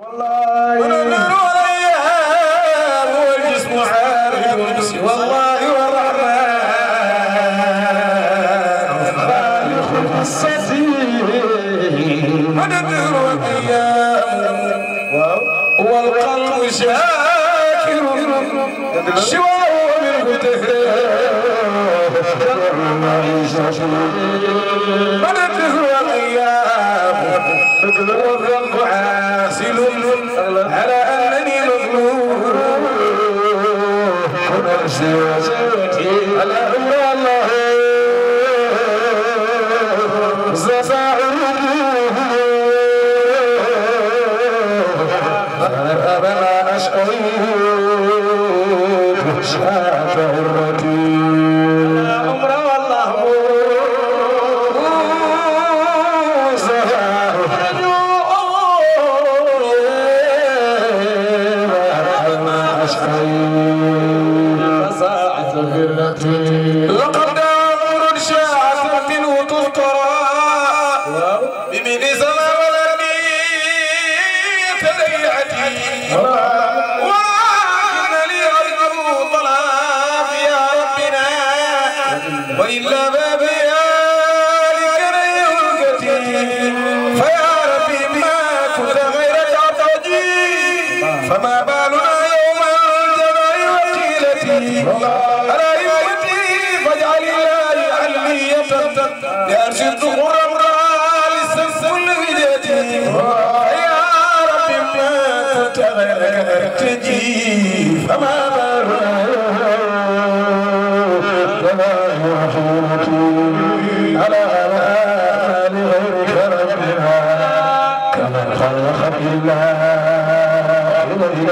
wallaay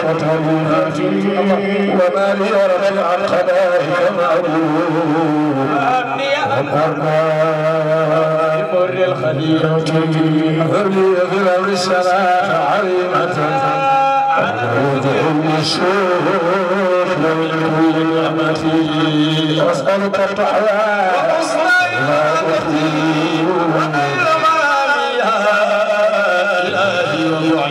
وتنهتي وما لي أرغب عن خلائك معبود والأرباب مر الخليل هبلي غير السلاح عريمة أدعوهم الشيوخ لو يكون نعمتي أسألك الطحوى لا أخذي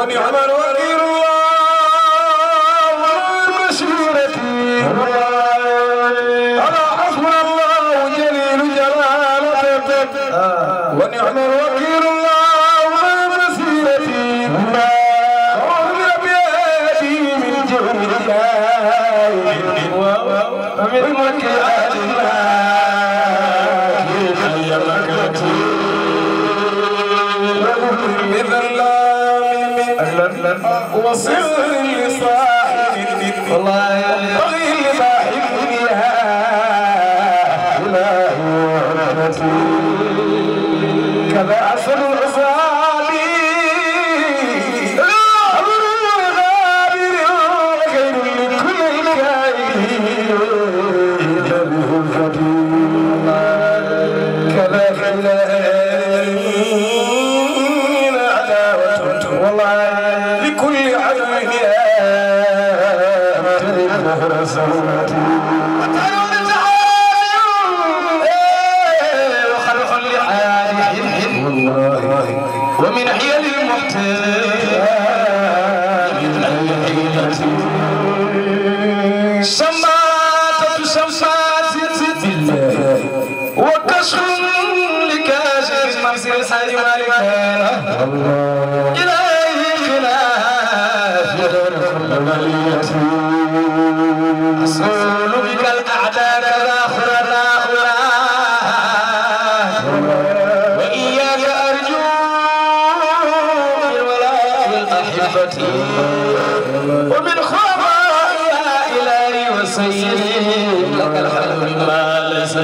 ونعم تحزنون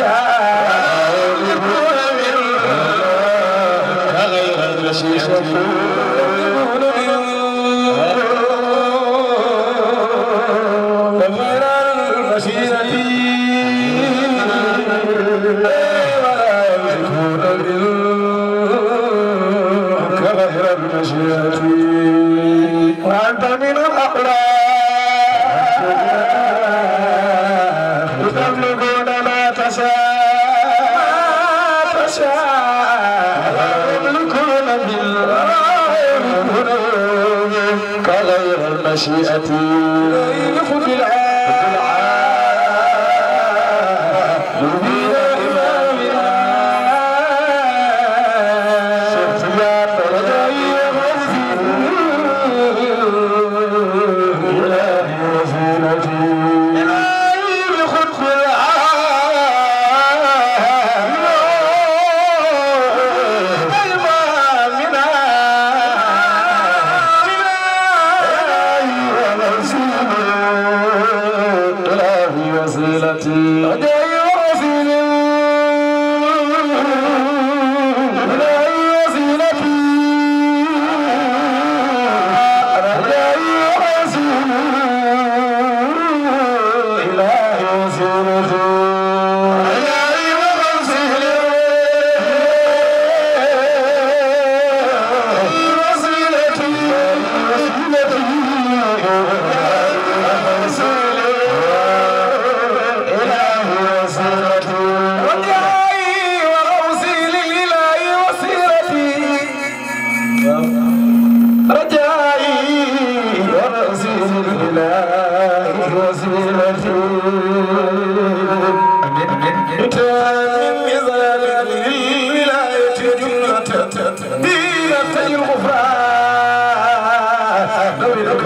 شاء من غير مشيئتي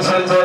Gracias.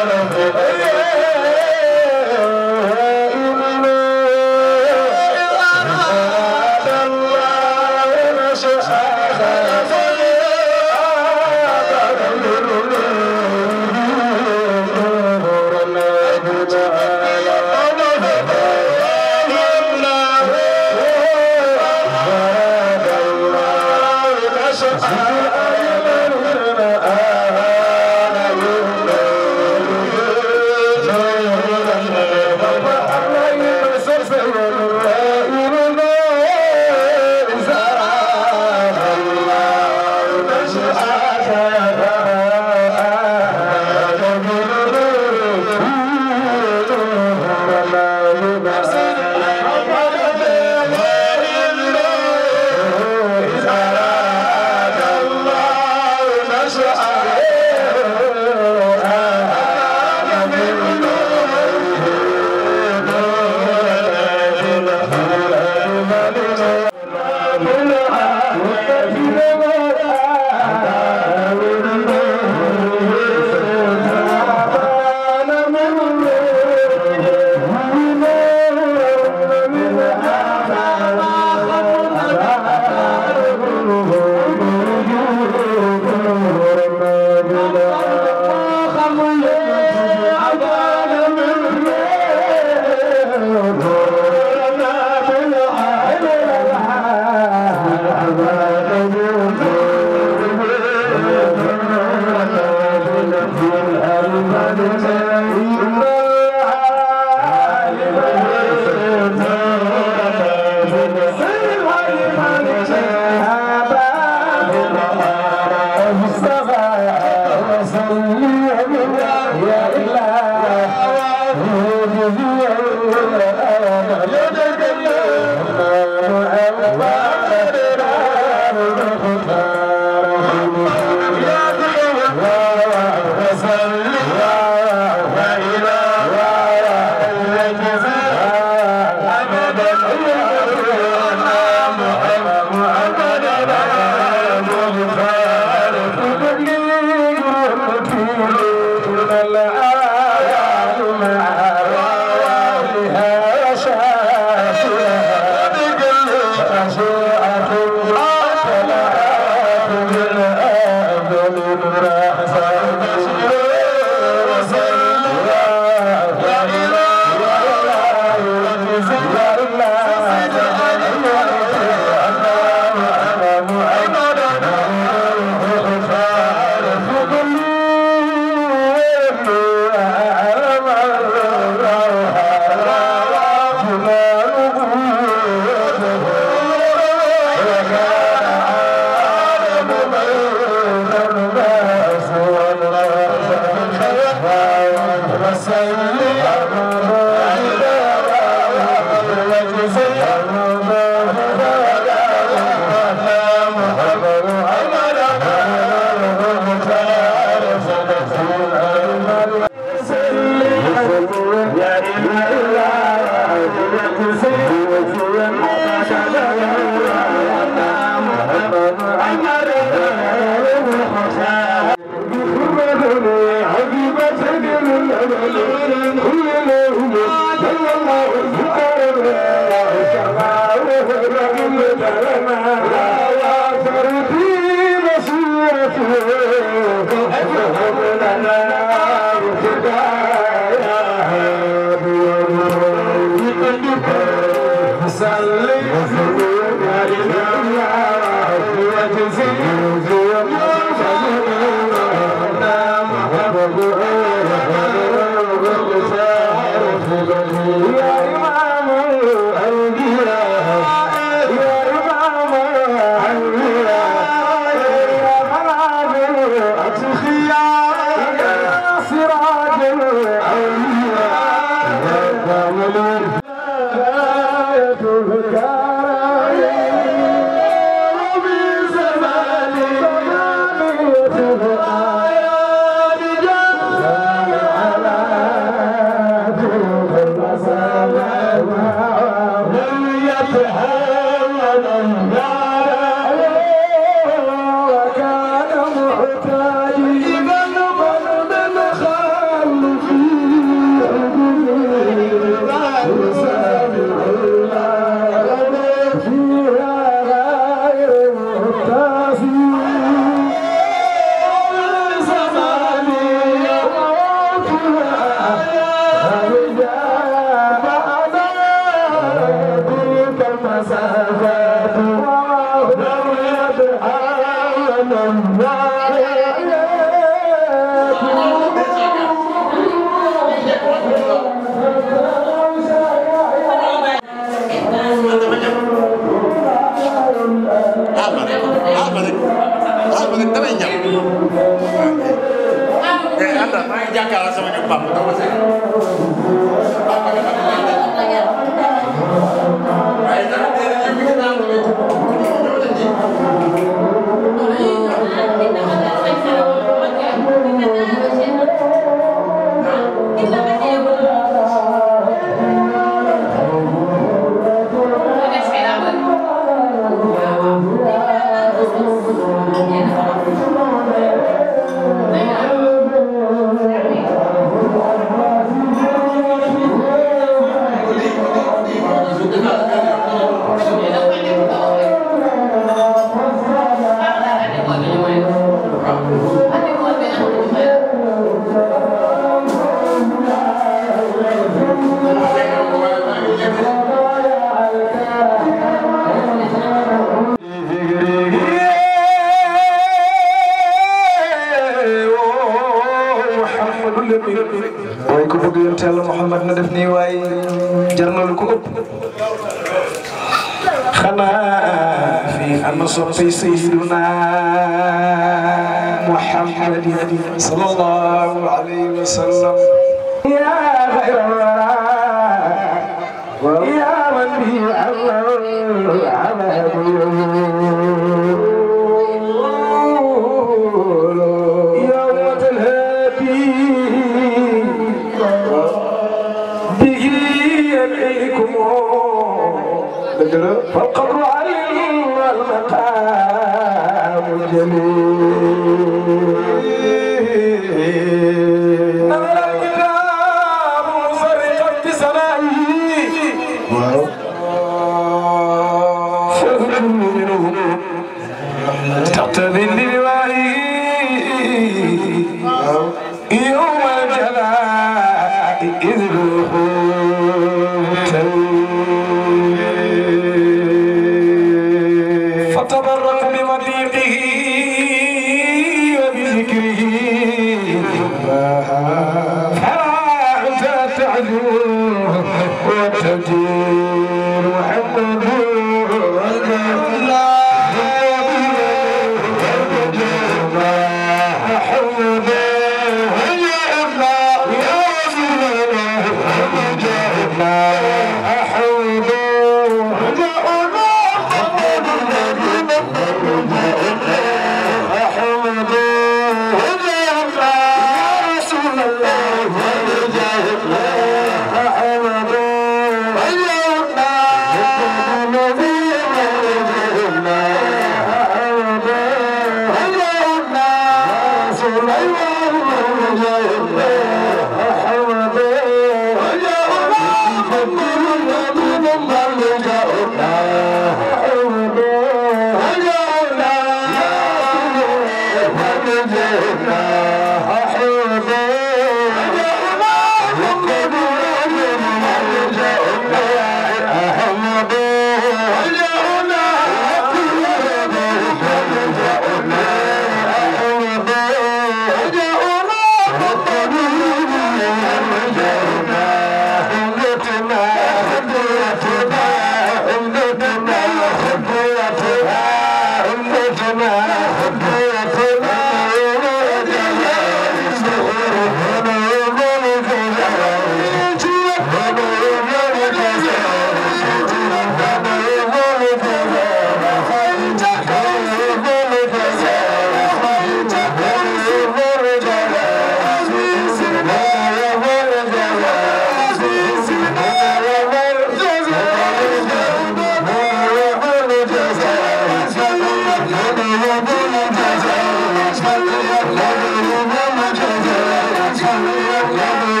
Thank you.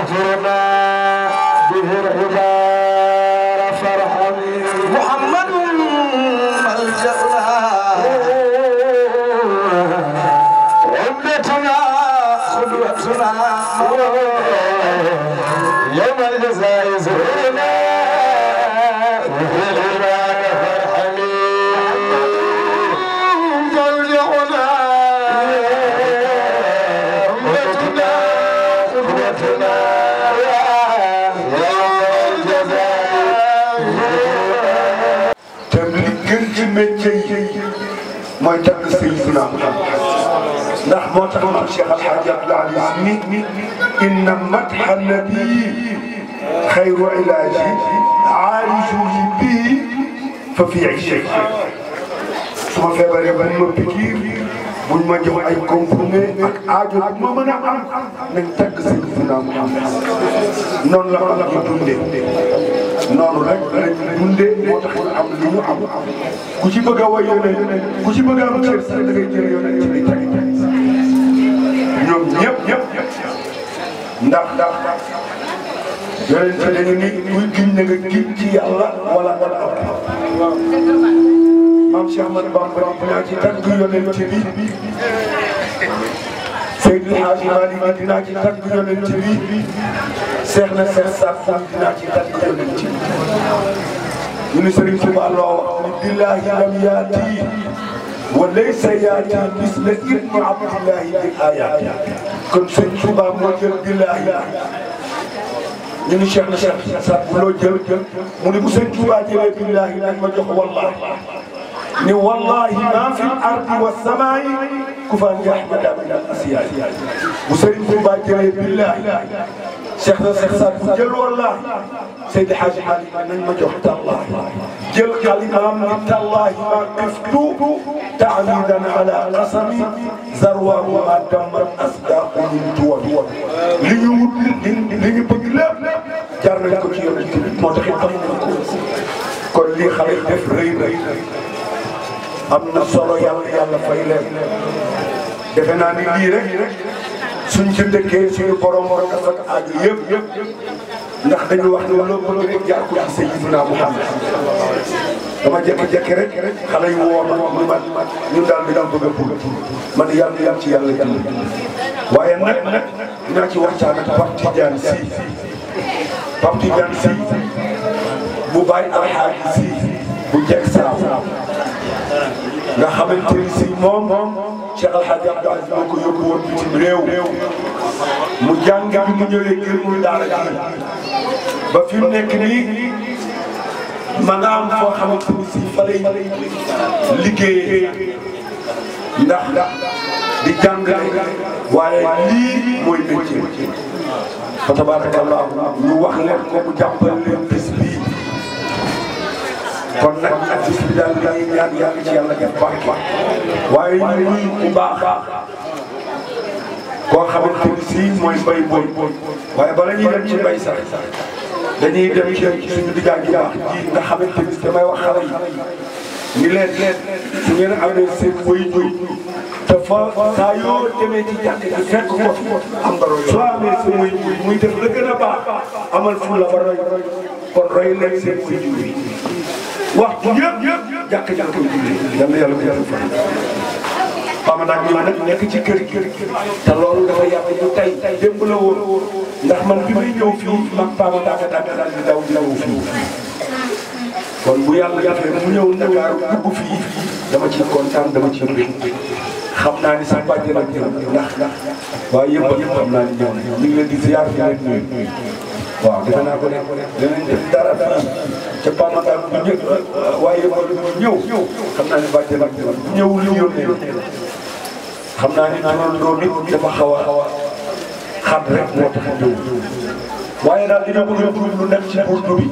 اغفر الله Serigne Touba ndax moo taxoon ak Cheikh Al Hadj Abdoul Aziz ni ni inna madha nabii xayru ilaaji aalijuhu bii fa fi ay su ma feebaree ba ma pikiir buñ ma jox ay comprimé ak aajo ak ma mën a am nañ tàgg Serigne Touba noonu la ko la ko dundee noonu rek lañ dundee moo tax ñu am lu ñu am ku ci bëgg a woy yónnee ku ci bëgg a am cër sax da ngay jël yónnee ci biir teg ñoom ñëpp ñëpp ndax ndax yonent bi dañu ni kuy giñ na nga giñ ci yàlla wala wala waaw maam Cheikh Ahmadou Bamba dinaa ci tàgg yonent bi Seydou Hadj Malick dinaa ci tàgg yonent bi seex na seex saako dinaa ci tànn jënd ci. ñu ne loo wax ni billahi yaati wa laysa yaati misla ibnu abdillahi bi ayaati kon Serigne Touba moo jël mu ni bu jox wallaahi ni wallaahi maa fi ardi wa samaay ku faa ngi ahmada min al asiyaay bu sëñ Cheikh na Cheikh Saad bu jël wallaahi Seydi Hadji Ali nañ ma jox tallaahi jël kalimaam ni tallaahi ma kiftu taalidan ala qasami zarwa wa dammat asdaaqu min tuwabi li ñu wut li ñu bëgg lépp jar nañ ko ci yoon moo tax it amuñu ko kon lii xale yi def rëy na am na solo yàlla yàlla fay leen defe naa ni lii rek suñ ci dëkkee suñu borom war a faj aaju yëpp ndax dañu wax ne loo bëgg rek jaar ko ci Sayyidina Muhammad dama jékki-jékki rek xale yu woo ma wax man ñun daal di daan bëgg a bëgg man yàlla yàlla ci yàlla yàlla waaye nag nag dinaa ci waxtaan ak Pape Tidiane Sy Pape Tidiane Sy bu bàyyi alxaaji Sy bu jekk saaw nga xamante ni si moom Cheikh Al Hadj Abdou Aziz moo ko yóbbu woon bitim réew mu jàng bi mu ñëwee ngir muy daara ba fi mu nekk nii ma nga am foo xamante ni si fa lay liggéeyee ndax di jàng waaye lii mooy métier fa tabaarakallah ñu wax leen ko mu jàppal leen bés bii kon nag artiste bi daal daal ñaan yàgg ci yàlla def barke waaye ñu nuyu bu baax koo xamante ni sii mooy mbay booy waaye bala ñuy dem ci mbay sax dañuy dem ci suñu diggaag yu baax ji nga xamante ni damay wax xale yi ni leen leen su ngeen amee seen way ñuy dafa saa yoo demee ci jàkk ji fekk ko am nga roy soo amee sa muy muy def la gën a baax amal fu la ba roy kon roy leen seen way ñuy waxtu yëpp yëpp jàkk jàkk yu julli yal na yàlla ko yàlla fan Pama Ndack mi ma nag nekk ci kër kër te loolu dafa yàq tey démb la woon ndax man bi may ñëw fii mag Pama Ndack Ndack daal di daw ñëw fii kon bu yàlla defee mu ñëw Dakar dugg fii dama ci kontaan dama ci mbir xam naa ni sax bàjjee na ñëw ndax waaye yëpp yëpp xam naa ni ñëw ñu ngi di ziar fi leen nuyu waaw defe naa ko ne danañ def dara fii te Pape Makhtar bu njëkk waaye yëpp ñëw xam naa ne bàjjee la ñëw li yónnee xam naa ne turandoo bi dafa xaw a xaw a xat rek moo tax ñëw waaye daal dina ko yóbbu lu nekk ci buntu bi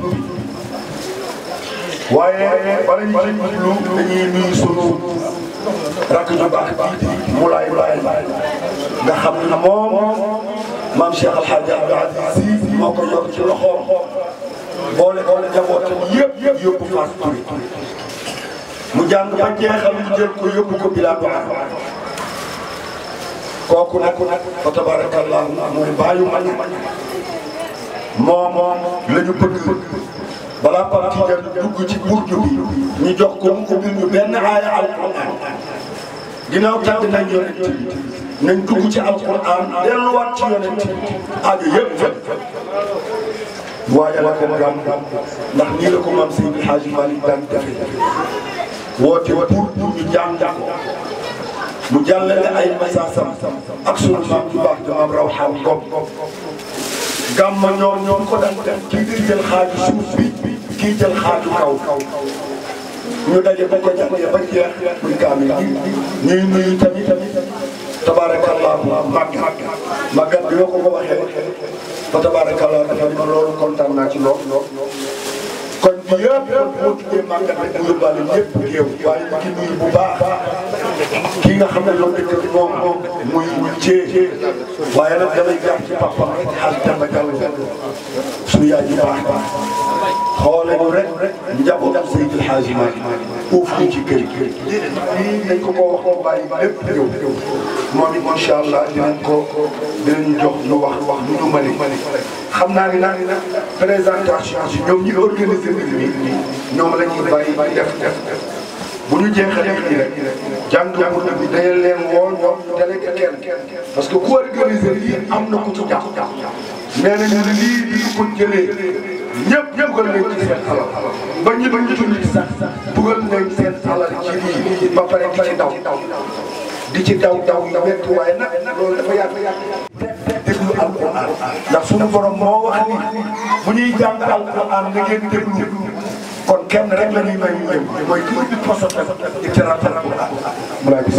waaye bala ñu ci jublu dañuy nuyu sunu rakk ju baax ji Moulay Baye nga xam na moom maam Cheikh Al Hadj Abdou Aziz moo ko yor ci loxoom. boole boole jabootam yëpp yóbbu Fass mu jàng ba jeexal mu jël ko yóbbu ko bilaa baax kooku nag fa tabarakallahu mooy bàyyu man moom la ñu bëgg balaa parti ja dugg ci burju bi ñu jox ko mu ubbil ñu benn aaya alquran ginnaaw tàgg nañ yonent nañ dugg ci alquran delluwaat ci yonent aajo yëpp waajal ak gam ndax nii la ko maam Seydi Hadji Malick daan defee woote pour pour ñu jàng ko mu jàllale ay messasam ak sunu maam ju baax maam Rawaan Ngom gàmma ñoom ñoom ko daan def kii di jël xaaju suuf bi kii jël xaaju kaw ñu daje ba ko jàngee ba jeex muy kaamil ñuy nuyu tamit tamit tabaarakallaahu màggat màggat bi yoo ko ko waxee fa tabaarakallaa dafa loolu kontaan naa ci lool lool kon bi yëpp boo tuddee màggal rek mu yóbbaale ñëpp géew waaye ki nuyu bu baax ki nga xam ne loolu dëkk bi moom moom muy muy cee waaye nag damay jàpp ci papa rek xaal Demba Diallo suñu yaay ju baax xoole nu rek njaboot Seydil Hadji Malick uuf ñu ci kër gi. lii dañ ko ko wax ko bàyyi lépp ñëw ñëw. moom it incha allah dinañ ko dinañ jox ñu wax wax lu ñu mën a. xam naa ne nag présentation si ñoom ñi organiser nit ñi ñoom la ñuy bàyyi def def def. bu ñu jeexalee nii rek jàng jàngut bi dañu leen woo ñoom délégué kenn parce que ku organisé lii am na ku ci jàpp nee nañu lii bi ñu ko jëlee. ñëpp ñëpp bëggoon nañ ci seen alal ba ñi ba ñu tudd sax bëggoon nañ seen alal ci lii ba pare di ci daw di ci daw daw yu métti waaye nag loolu dafa yàgg yàgg. déglu alquran ndax sunu borom moo wax ni bu ñuy jàng alquran nga ngeen déglu kon kenn rek la ñuy may ñu jëm mooy kii bi posofet di ci ratal mu laa gis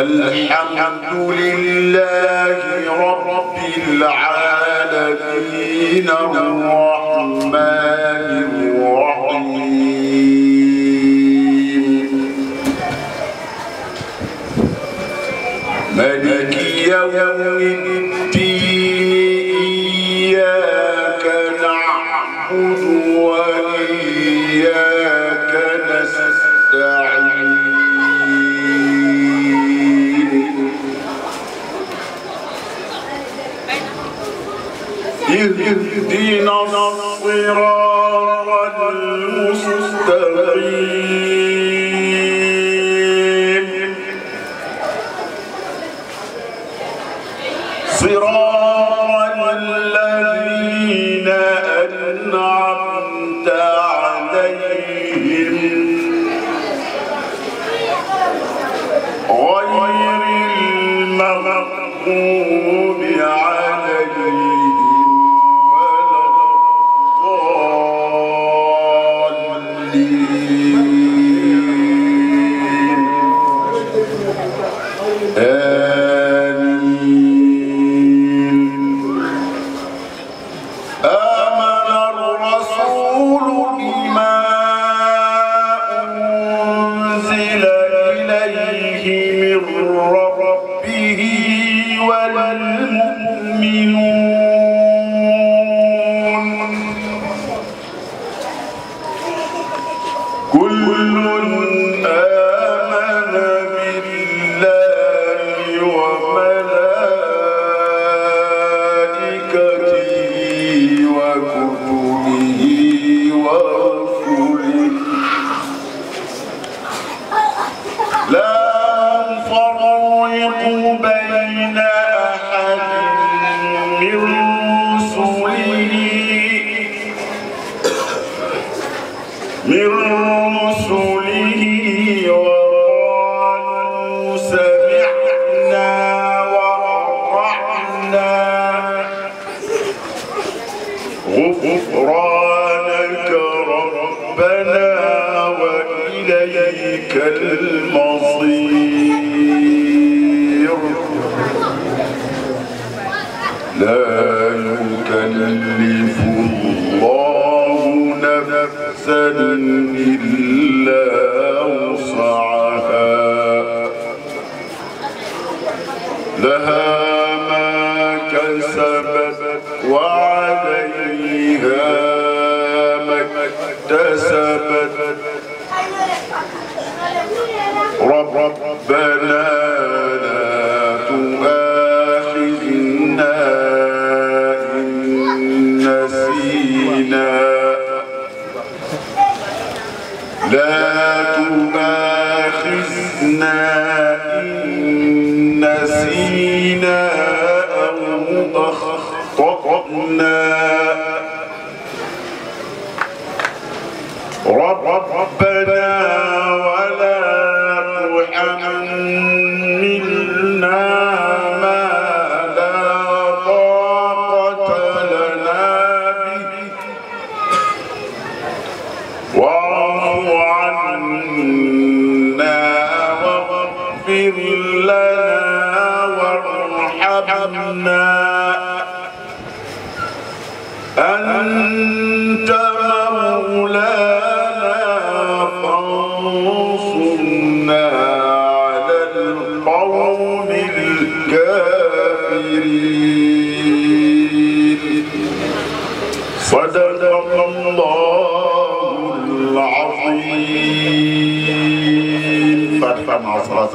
الحمد لله رب العالمين الرحمن الرحيم ملك يوم الدين اهدنا الصراط يكلف الله نفسا إلا وسعها لها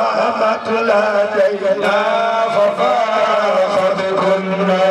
نعمة لدينا ففاخذ كنا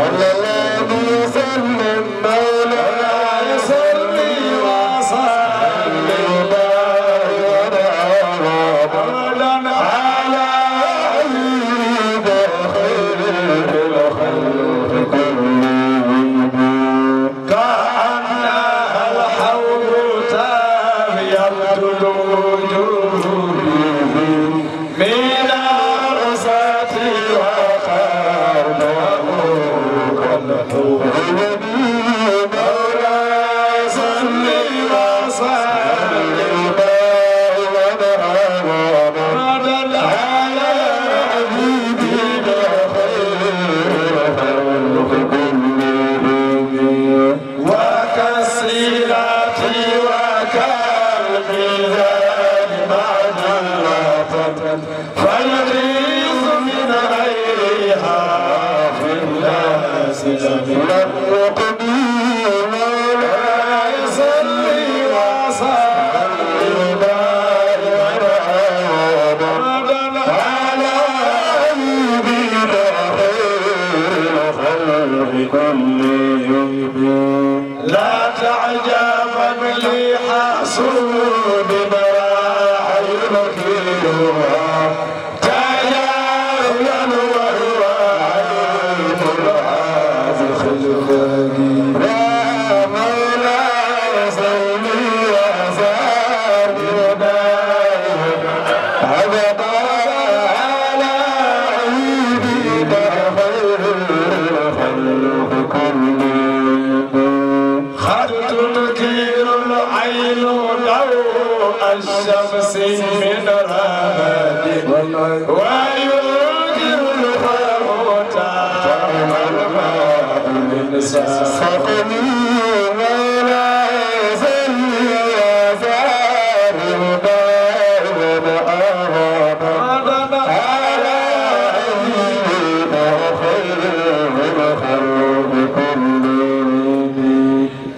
صلى الله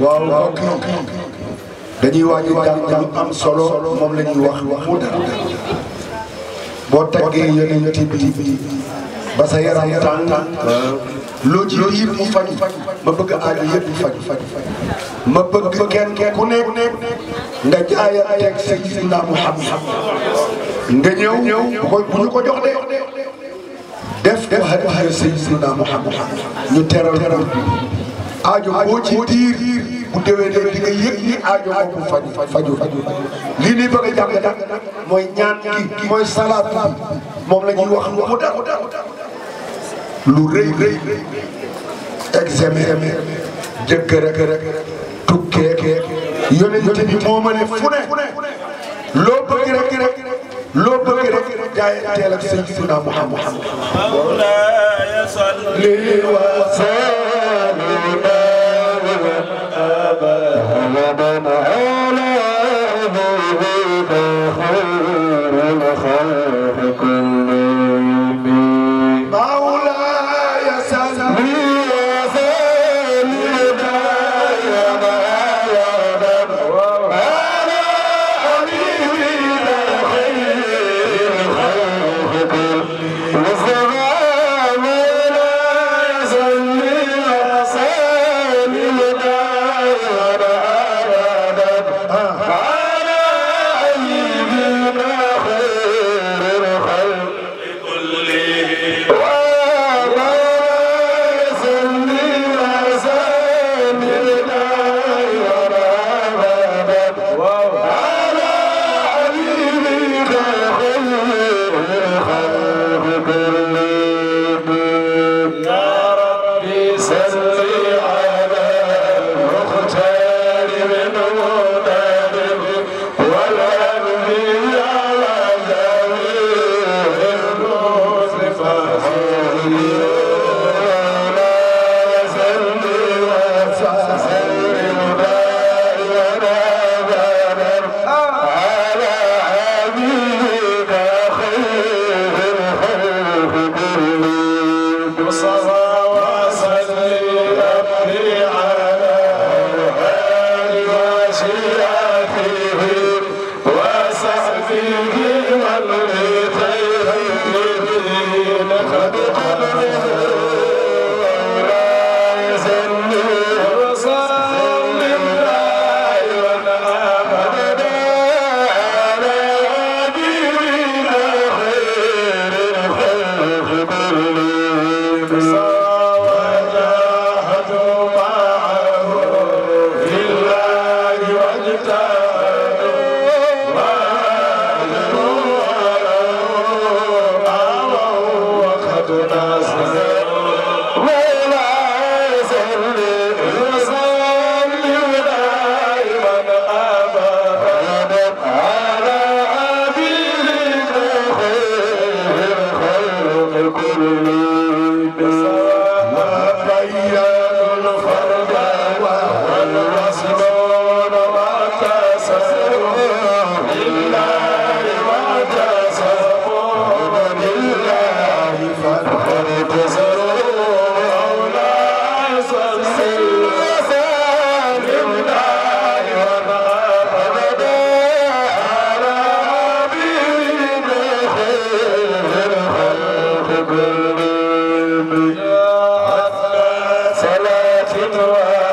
waaw mbokk yi dañuy waaj a jàng lu am solo moom la ñuy wax mu dara boo taggee yonent bi ba sa yaram tàng loo ci biir mu faj ma bëgg aajo yëpp faj ma bëgg kenn ku nekk nga jaaya teg Seydina Muhammad nga ñëw ñëw bu ñu ko jox de def ko hadiya Seydina Muhammad ñu teral teral aajo boo ci diir bu déwénee di nga yëg ni aajo bopp faju faju lii nii bëgg a jàng jàng mooy ñaan gi mooy salaat bi moom la ñuy wax mu dara lu rëy rëy examen jëkk rek rek tukkee yonent bi moo ma ne fu ne loo bëgg rek rek loo bëgg rek jaayanteel ak Seydina Muhammad ربنا أولى Sell التواب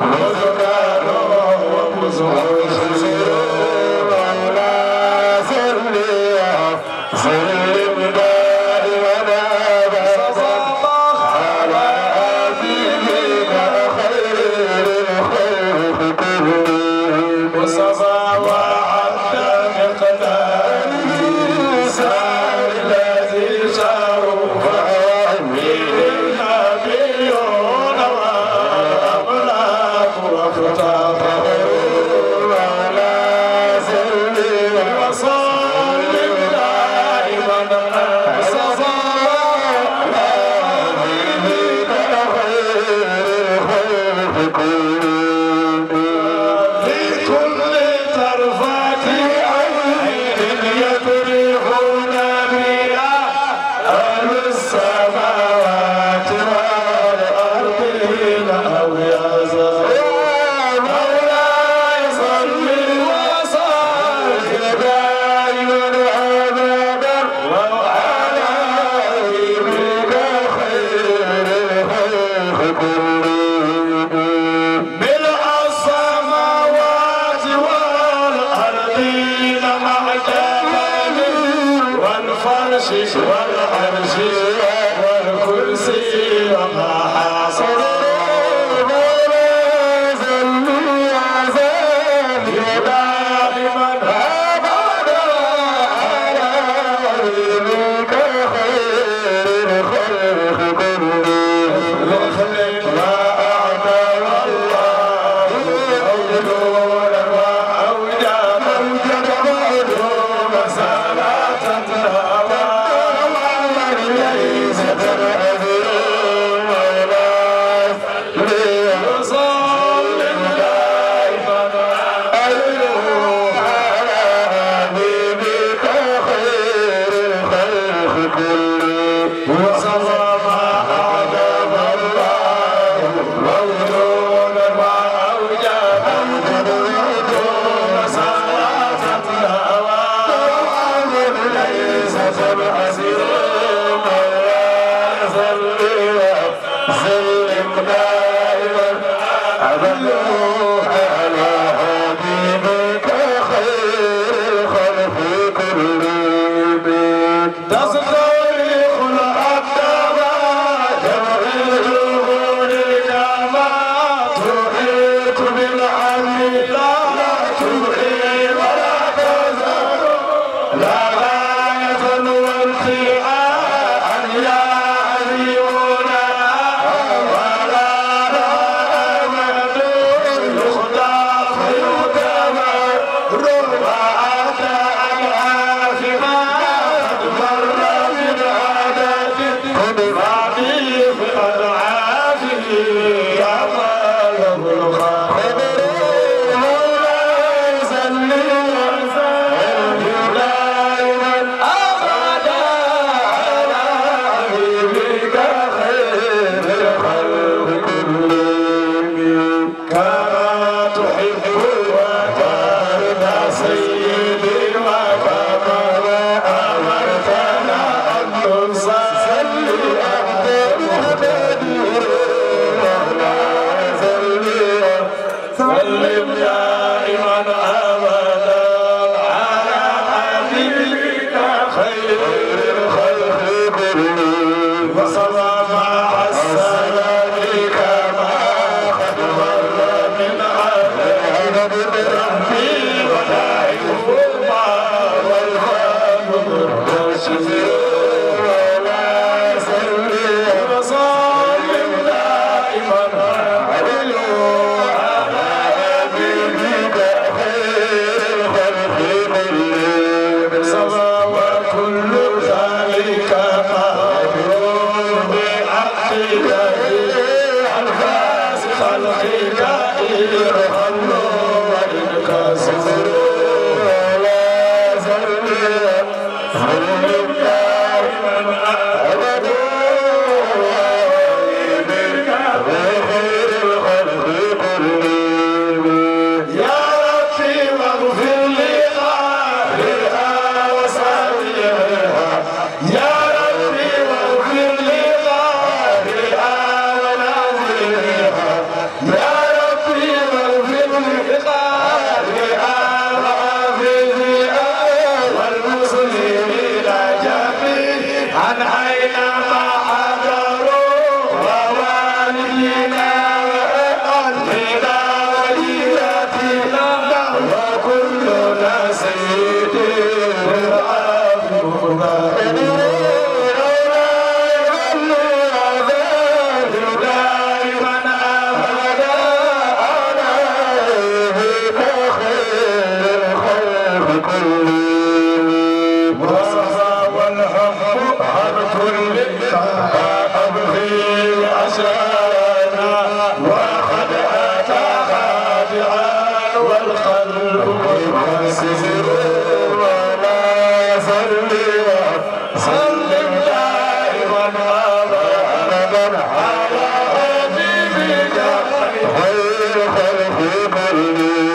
وزمانه وكسوته Thank you.